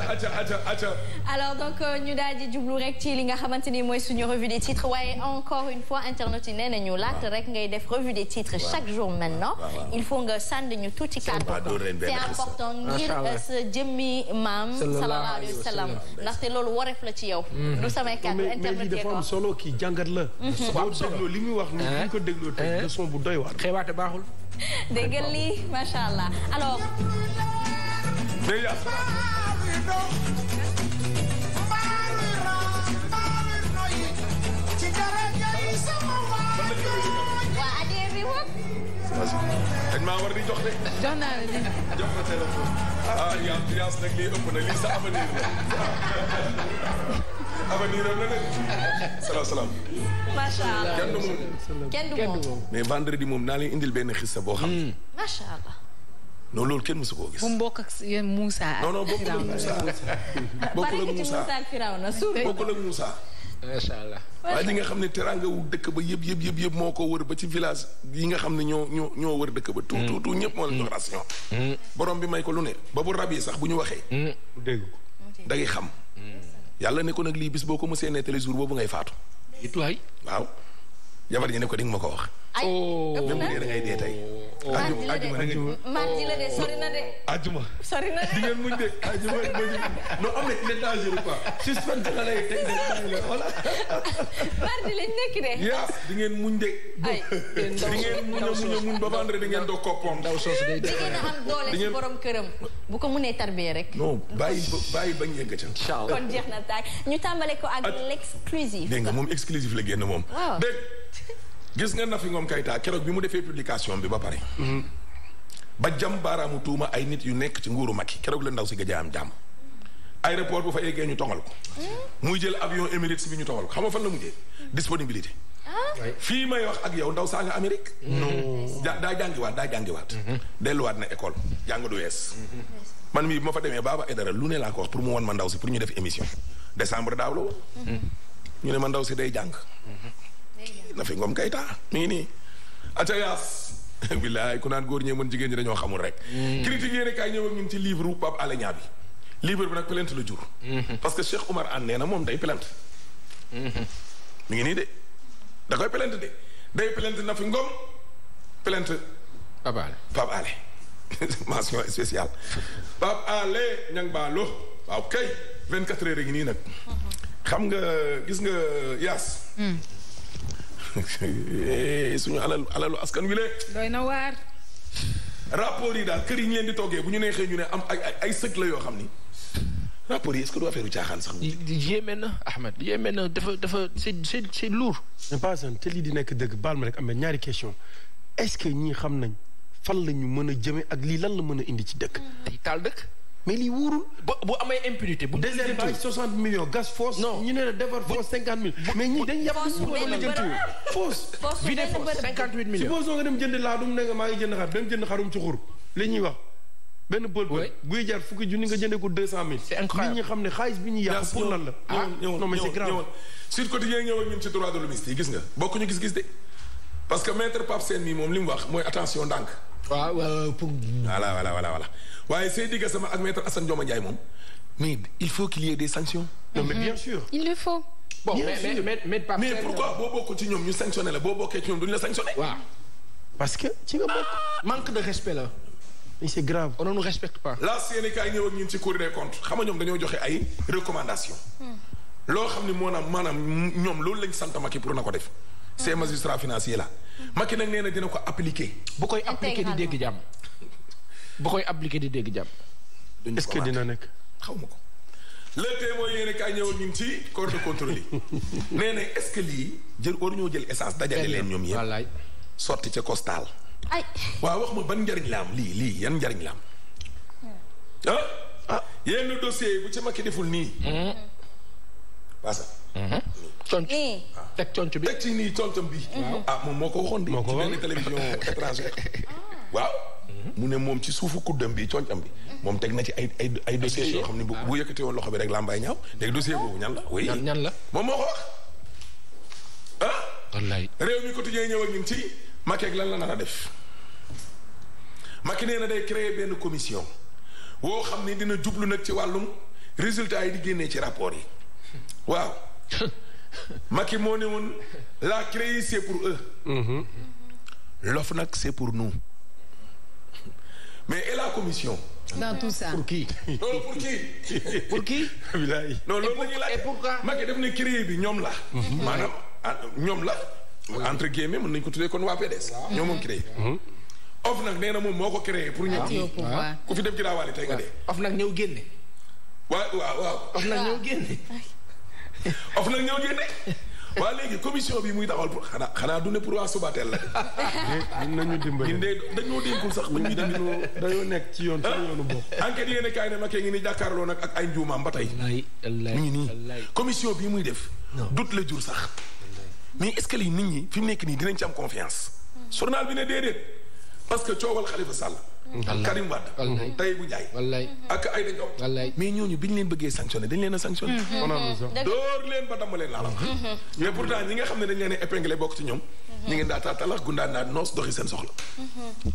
aca aca aca donc euh, ñu daal di jublu rek ci li nga xamante ni mooy suñu revue des titres waaye encore une fois internautes yi nee nañu laata rek ngay def revue des titres chaque jour maintenant il faut nga sànni ñu tuuti kàddu c'est important ngir euh, sa jëmmi maam sallallahu alayhi wa loolu wareef la ci yow mhm. du samay kàddu internautes yi dafa am solo kii jàngat la boo mhm. dégloo li muy wax ni ñu ko dégloo tey eh, eh. leçon bu doy waar xewaate baaxul déggal lii macha allah alors Deja. dañ maa war di jox de. jox naa la dina. jox na téléphone. ah yaa yaa nag lii ëpp na lii sa avenir la. avenir am na nag. salaam salaam. macha allah kenn du moom. kenn du moom mais vendredi moom naa leen indil benn xisa boo xam. Hmm. macha allah. non loolu kenn su koo gis. bu mu bokk ak Moussa ak. non non bokkul ak Moussa bokkul allah. waaye li nga xam ne teraanga wu dëkk ba yëpp yëpp yëpp yëpp moo ko wër ba ci village yi nga xam ne ñoo ñoo ñoo wër dëkk ba. Mm. ñëpp moo la jox mm. Mm. bi may ko lu ne rab yi sax bu ñu waxee. dégg ko xam. yàlla ne ko nag lii bis boo ko mësee nettali jour boobu ngay faatu. waaw. jabar ñu ne ko di ma ko wax. ay oh. même bu dee da ngay dee tey. ajuma oh. di ngeen muñ de ajuma non am na ay di ngeen muñ a muñ a muñ ba vendre di ngeen doog koppam. ndaw soosu day jigéen a am doole bu ko mënee tarbiyee rek. non bàyyi ba bàyyi bañ yegg ca. incha allah kon jeex na taay ñu tàmbale ko ak l'exclusif. nga moom exclusif la génn moom. gis nga Nafi Ngom Keïta keroog bi mu defee publication bi ba pare. ba jam baaraamu tuuma ay nit yu nekk ci nguuru Macky keroog la ndaw si gëj am jàmm. aéroport bu fa eggee ñu tongal ko. muy jël avion Emirates bi ñu tongal ko xam na fan la mujjee. disponibilité. Ah. fii may wax ak yow ndaw saa nga Amérique. non daa jàngiwaat daa jàngiwaat. Mm-hmm. delluwaat na école jàng du wees. Mm-hmm. man mii bu ma fa demee Baba Aidara lu ne laa ko wax pour mu won ma ndaw si pour ñu def émission décembre daaw la woon. Mm-hmm. ñu ne ma ndaw si day jàng. na fi Ngom Keita mi ngi nii aca yaas bilaay ku naan góor ñee mën jigéen ñi dañoo xamul rek mm. critique yéene kaay ñëw ak ci livre wu Pape Alé Niang bi livre bi nag plainte la jur mm-hmm. parce que Cheikh Oumar Anne nee na moom day plainte mm-hmm. mi ngi nii de da koy plainte de day plainte na fi Ngom plainte Pape Alé Pape Alé mention spéciale Pape Alé Niang Ballo waaw kay vingt-quatre heures ngi nii nag mm-hmm. xam nga gis nga yaas mm. Eh, suñu alal alalu askan wi lee. doy na waar. rapport yi daal kër yi ñu leen di toggee bu ñu neexee ñu ne am ay ay sëg la yoo xam ni rapport yi est-ce que du affaire caaxaan sax. yéeme na Ahmed yéeme na dafa dafa c'est si luur lourd. mais te lii di nekk dëgg baal ma rek am ñaari question est-ce que ñii xam nañ fan lañu mën a jëme ak lii lan la mën a indi ci dëkk. tey taal dëkk. mais lii wóorul. ba bu amay impunité bu. désherbage 60 millions gas fosse. non ñu ne la defar fosse 50 millions. mais ñi dañ yàpp a jënd fosse. nga dem jënd laadum ne maa ngi jënd xar dem jënd xarum ci xur li wax. benn pël pël buy jar fukki junni nga jëndee ko 200000. c'est incroyable nit ñi xam ne xaalis bi ñu yàq pour lan la. ah, ah. non mais c'est grave. sur ñun ci droit de l'hommiste gis nga bokkuñu gis-gis de parce que maître Pape Sène mi moom li mu wax waaw waaw pour. voilà voilà voilà waaye Seydi Gassama ak maître Assane Dioma Ndiaye moom. mais il faut qu'il y ait des sanctions. non mais bien sûr. Mm-hmm. il le faut. bon mais boo bokk ci ñoom ñu sanctionné la boo bokkee ci ñoom duñu la sanctionné. waaw parce que ci nga bokk. Ah! manque de respect la. mais c'est grave on ne nous respecte pas. la CNK ñëw ak ñun ci Cour des comptes xam nga ñoom dañoo joxe ay recommandations. Mm. loo xam ne moo maanaam ñoom loolu lañ sant Macky pour na ko def. ces magistrats financiers la makki nag nee na dina ko appliquer. bu koy appliquer di dégg jàmm. bu koy appliquer di dégg jàmm. est-ce que dina nekk xaw ma ko. le témoin yéen a kaay ñëwal ngi ci corps de contrôle yi. nee na que lii jël waruñoo jël essence dajale leen ñoom yéen. wallaay sotti ca costal. ay waaw wax ma ban njariñ la am lii lii yan njariñ la am. Hmm. Ah? ah yenn dossier bu ci makki deful nii. Hmm. conc teg conc bi. teg ci nii concam bi. Mm-hmm. ah moom moo ko waxoon de. ko waxoon ci benn télévision étranger ah. waaw. Mm-hmm. mu ne moom ci suufu kuddam bi concam bi. Mm-hmm. moom teg na ci ay ay ay dossiers yoo xam ne bu ah. bu yëkkatee woon loxo bi rek làmbaay ñaaw léegi dossier boobu ñan la. oui ñan la moom moo ko wax ah. wallaay réew mi quotidien ñëw ak ñun ci Macky ak lan la nar a def. Macky nee na day créer benn commission woo xam ni dina jublu nag ci wàllum résultat yi di génnee ci rapport yi waaw. Macky moo ne woon la CREI c'est pour eux. Mhm. l'OFNAC c'est pour nous. mais et la commission. dans tout ça pour qui. non pour qui. pour qui. bilaay non loolu la ñuy laaj. et pourquoi Macky def ne CREI bi ñoom la. Mhm. maanaam ah, ñoom la. entre guillemets mën nañu ko tuddee kon waa PDS. ñoo moom créé. Mhm. OFNAC nee moom moo ko créé pour ñoom. Ah, ah. ku fi dem ci daawaale tey nga dee. OFNAC ñëw génne. waaw waaw waaw. OFNAC ñëw génne. of nag ñëw génne waa léegi commission bi muy taxawal xanaa xanaa du ne pour waa Subatel la de. ñun nañu dimbali ñun de dañoo dénkul sax ba ñuy dimbali. dañoo nekk ci yoon ci yoonu bopp. enquête yéen a kaay ne ma kee ngi ni jàkkaarloo nag ak ay njuumaam ba tey. mu ngi nii commission bi muy def. dut la jur sax. mais est-ce que nit ñi fi mu nekk nii dinañ ci am confiance. Hmm. journal bi ne déedéet parce que coowal Khalifa Sall. ak Karim Wade tey bu Njaay wallaay ak ay dañoo wallaay mais ñooñu bi ñu leen bëggee sanctionné dañ leen a sanctionné mm-hmm. door leen ba damm leen laa la mm-hmm. mm-hmm. mais pourtant ñi nga xam ne dañ leen a épinglé bokk ci ñoom ñu ngi ndaataatalax gundaan naa noos doxi seen soxla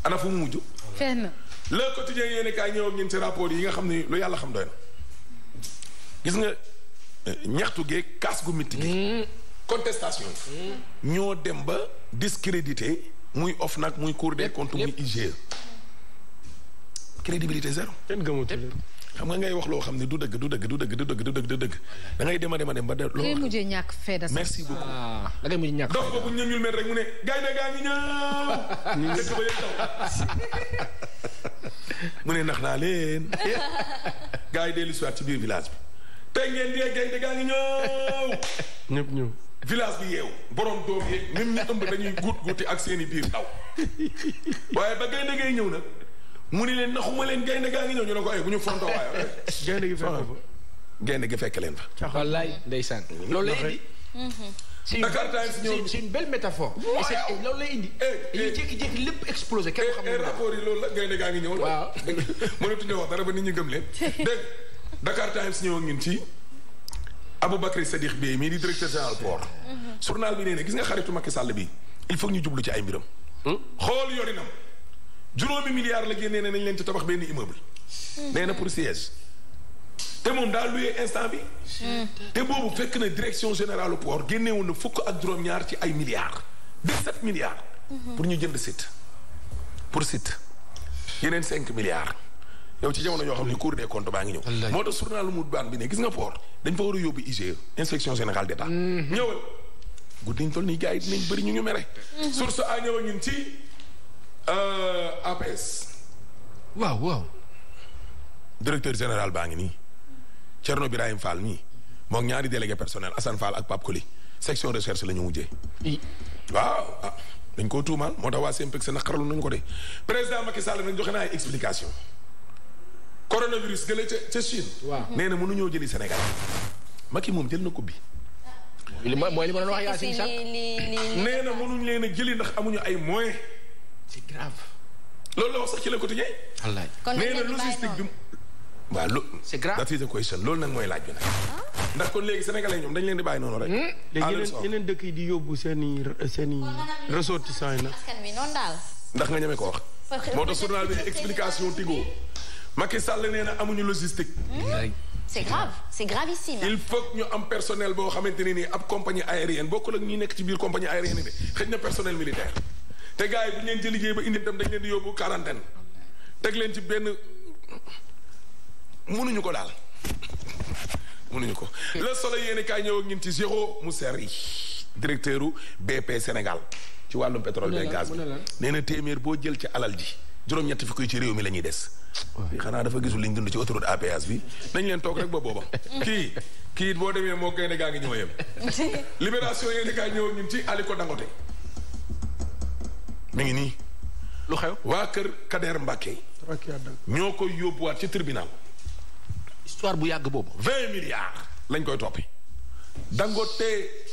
ana mu mujj fenn le quotidien yéen kaay ñëw ak ci rapport yi nga xam ne lu yàlla xam doy na gis nga eh, ñaxtu gee kaas gu mitti gi contestation ñoo dem ba discrédité muy OFNAC muy Cour des comptes muy IGE crédibilité zéro. kenn gëmatu leen xam nga ngay wax loo xam ne du dëgg du dëgg du dëgg du dëgg du dëgg du dëgg da dem a dem a dem ba. loo ñàkk fayda merci beaucoup. Ah, da ngay mujjee ñàkk fayda donc bu mu ne. gaynde gaa ñëw. ne nax naa leen. dellu siwaat ci biir village bi. tey ngeen dee gaynde ñëw. ñëw. village bi yeew borom doom yeeg même ëmb dañuy guut guuti ak seen biir taw waaye ba gaynde ngay ñëw nag. mu ni leen naxuma leen gaynde gaa ngi ñëw ñu ne ko ay eh, bu ñu fontoo waaye eh. gaynde gi fekk fa gaynde gi fekk leen fa wallaay ndeysaan loolu lay indi mm-hmm. Dakar Times ñëw c'est une belle métaphore loolu lay indi eh, ñu jékki-jékki gaynde gaa ngi ñëw waaw mënatuñu wax dara ba ni ñi gëm leen dégg Dakar Times ñëw ngeen ci abu Aboubacry Sadikh bi mii di directeur général port mm-hmm. journal bi nee ne gis nga xaritu Macky Sall bi il faut ñu jublu ci ay mbiram hmm? xool yorinam juróomi milliards la génnee ne nañ leen ci tabax benn immeuble. Hmm. nee na pour siège. te moom daal luyee instant bi. Hmm. te boobu fekk na direction générale port génnewoon na fukk ak juróom-ñaar ci ay milliards. 17 milliards. Hmm. pour ñu jënd site. pour site. yeneen cinq milliards. yow ci jamono ñoo xam ne cour des comptes baa ngi ñëw. moo tax journal mu baan bi ne gis nga port dañ fa war a yóbbu IGE inspection générale d' état. ñëwal guddi ñu toll nii gars yi dinañ ñu ñu Euh, APS. waaw waaw. directeur général baa ngi nii Thierno Birahim Fall mii moom ñaari délégué personnel Assane Fall ak Pape Koli section recherche la ñu mujjee. waaw ah dañ koo tuumaal moo tax waa Synpex naqarlu nañu ko de président Macky Sall nag joxe naa ay explication coronavirus gële ca ca Chine. waaw nee na mënuñoo jëli Sénégal Macky moom jël na ko bi. li ma mooy li mënuñ leen a jëli ndax amuñu ay moyens. c'est loolu la wax sax ci le quotidien. wallaay kon nag la logistique bi waaw lu. loolu nag mooy laaj bi nag. Ah. ndax kon léegi sénégalais ñoom dañ leen di bàyyi noonu rek. Hmm? léegi yeneen yeneen dëkk yi di yóbbu seen i seen i ressortissants yi nag. ndax nga ñeme ko wax. moo tax journal bi explication tigo. Macky Sall nee na amuñu logistique. c'est grave c'est gravissime. il faut que ñu am personnel boo xamante ne nii ab compagnie aérienne bokkul ak ñi nekk ci biir compagnie aérienne bi xëj na te gars yi bu ñu leen ci liggéey ba indi tam dañ leen di yóbbu quarantaine teg leen ci benn mënuñu ko daal mënuñu ko. le soleil yéen kaay ñëw ak ñun ci Géraud Mousseri directeur u BP Sénégal ci wàllum pétrole beeg gaz bi nee téeméer boo jël ci alal ji. juróom-ñett fi koy ci réew mi la ñuy des. xanaa dafa gisul liñ dund ci autoroute à péage bi nañ leen toog rek ba booba. kii kii boo demee moo gaynde gaa ngi ñëw yem. libération yéen a kaay ñëw ñun ci Aliko Dangote. mi ngi nii. lu xew waa kër Kader Mbacke. ñoo koy yóbbuwaat ci tribunal. histoire bu yàgg boobu. vingt milliards lañ koy toppi Dangote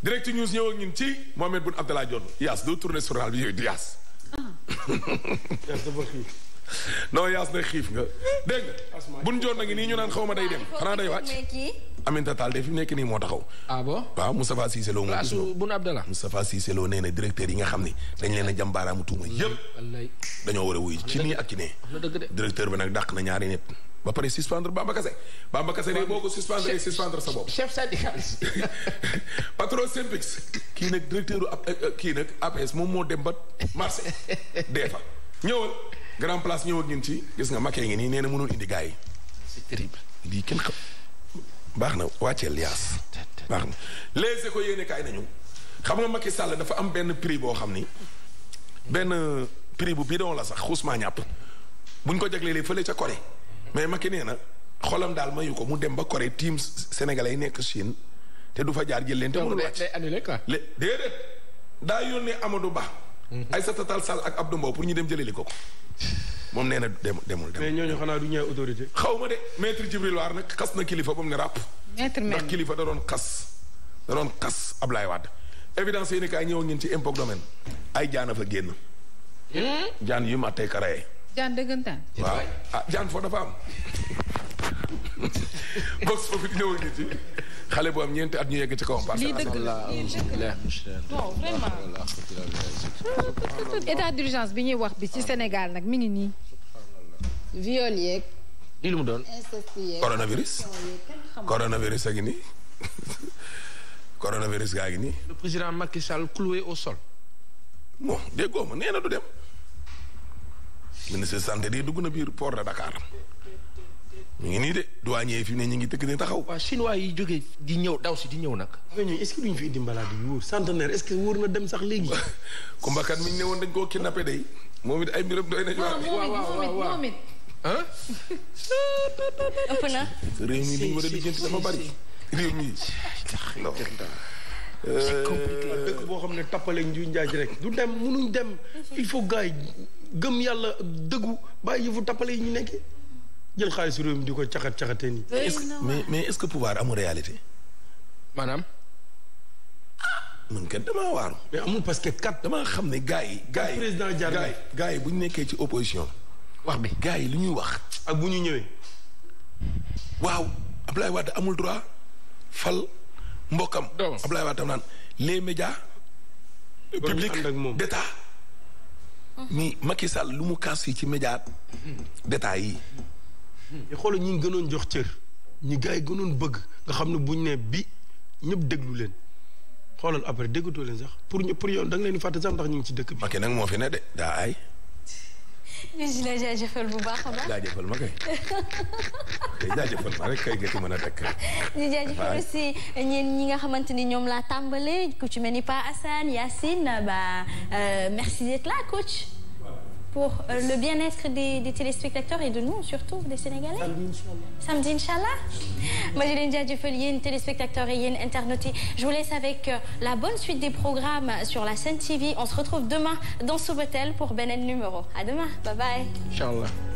direct news ñëw ak ñun ci Mohamed Boun Abdallah Dionne Yaas doo tourné journal bi yooyu di Yaas. Yaas xiif. Yaas na xiif nga dégg nga. Boun Dionne na ngi nii ñu naan xaw ma day dem xanaa day wàcc. Aminata Tall de fi nekk nii moo taxaw. ah bon waaw Moustapha Cissé Lo. waaw su Boun Abdallah. Moustapha Cissé Lo nee na directeur yi nga xam ne dañ leen a jàmbaaraamu tuuma yëpp. dañoo war a wuy ci nii ak ci nee. directeur bi kii nag directeur euh, euh, kii nag APS moom moo dem ba marché dee fa ñëwal grand place ñëw ak ñun ci gis nga makkee ngi nii nee na mënul indi gars yi. c'est terrible lii kenn xam. baax na wàcceel yaas baax na les éco yéene kaay nañu xam nga Macky Sall dafa am benn prix boo xam ni benn prix bu bidon la sax xusmaa ñàpp buñ ko jaglelee fële ca Corée mais Macky nee na xolam daal mayu ko mu dem ba Corée team sénégalais yi nekk Chine te du fa jaar jël leen te mënul wàcc déedéet daa yónnee Amadou baax Mm-hmm. sa Tall Sall ak Abdou Mbow pour ñu dem jëleli ko ko moom nee na demul demul. mais ñooñu xanaa du ñëw autorité. xaw ma de maître Djibril War nag xas na kilifa ba mu ne ràpp. maître ndax kilifa da doon xas da doon xas Ablaye Wade. évidence yi ni kaay ñëw ngeen ci impôt domaine ay jaana fa génn. Hmm? jaan yu ma tey karayee. jaan dëggantaan. waaw ah jaan foo dafa am. box foofu ñëw ngeen ci. xale boobu am ñeenti at ñu yegg ci kaw lii dëgg la état d'urgence bi ñuy wax bi ci Sénégal nag mi ngi nii. viol yeeg. lii lu mu doon. inceste yeeg coronavirus. coronavirus a ngi nii coronavirus gaa ngi nii. le président Macky Sall au sol. bon déggoo ma nee du dem. ministre santé di dugg na biir port Dakar. mu ngi nii de douanier fi fii ne ñu ngi tëkk ne taxaw. waa chinois yi jógee di ñëw daw si di ñëw nag. mais ñooñu est-ce que duñ fi indi malade yu wóor centenaire est-ce que wóor na dem sax léegi. kumbakat mi ñu ne woon dañ koo kidnappé day moom it ay mbiram doy nañu. waaw waaw mi li a lijjanti dafa bari. réew mi. Euh, c'est compliqué dëkk xam ne tappale nju njaaj rek du dem munuñ dem il faut gars yi gëm yàlla dëggu bàyyi yëfu tappale yi ñu nekkee. jël xaalis réew mi di ko caxat caxatee nii. mais mais est-ce que pouvoir amul réalité. maanaam. Ah, mën kat damaa waaru. mais amul parce que kat damaa xam ne gars yi. gars yi président Diagne gars yi bu ñu nekkee ci opposition. wax bi gars yi lu ñuy wax. ak bu ñu ñëwee. waaw Ablaye Wade amul droit fal mbokkam. donc Ablaye Wade tam naan les médias. public d'état ni mm-hmm. Macky Sall lu mu kaas yi ci médias d'état yi. te xoolal ñi gënoon jox cër ñi gars gënoon bëgg nga xam ne buñ ne bi ñëpp déglu leen xoolal après déggatoo leen sax pour ñu pour yoon da nga leen di sax ndax ñu ngi ci dëkk bi. ok moo fi ne ay. ñu baax a baax. ma kay kay jaajëfal ma rek mën a tekk. ñi nga xamante ni ñoom laa tàmbale ku ci mel ni Pa Assane Yacine ba euh, merci d'être là coach. pour euh, le bien-être des, des téléspectateurs et de nous surtout des Sénégalais. samedi incha allah ma di leen jaajëfal yéen téléspectateurs et yéen internautes yi je vous laisse avec euh, la bonne suite des programmes sur la Sen TV on se retrouve demain dans Soubatel pour beneen numéro à demain bye bye. incha allah.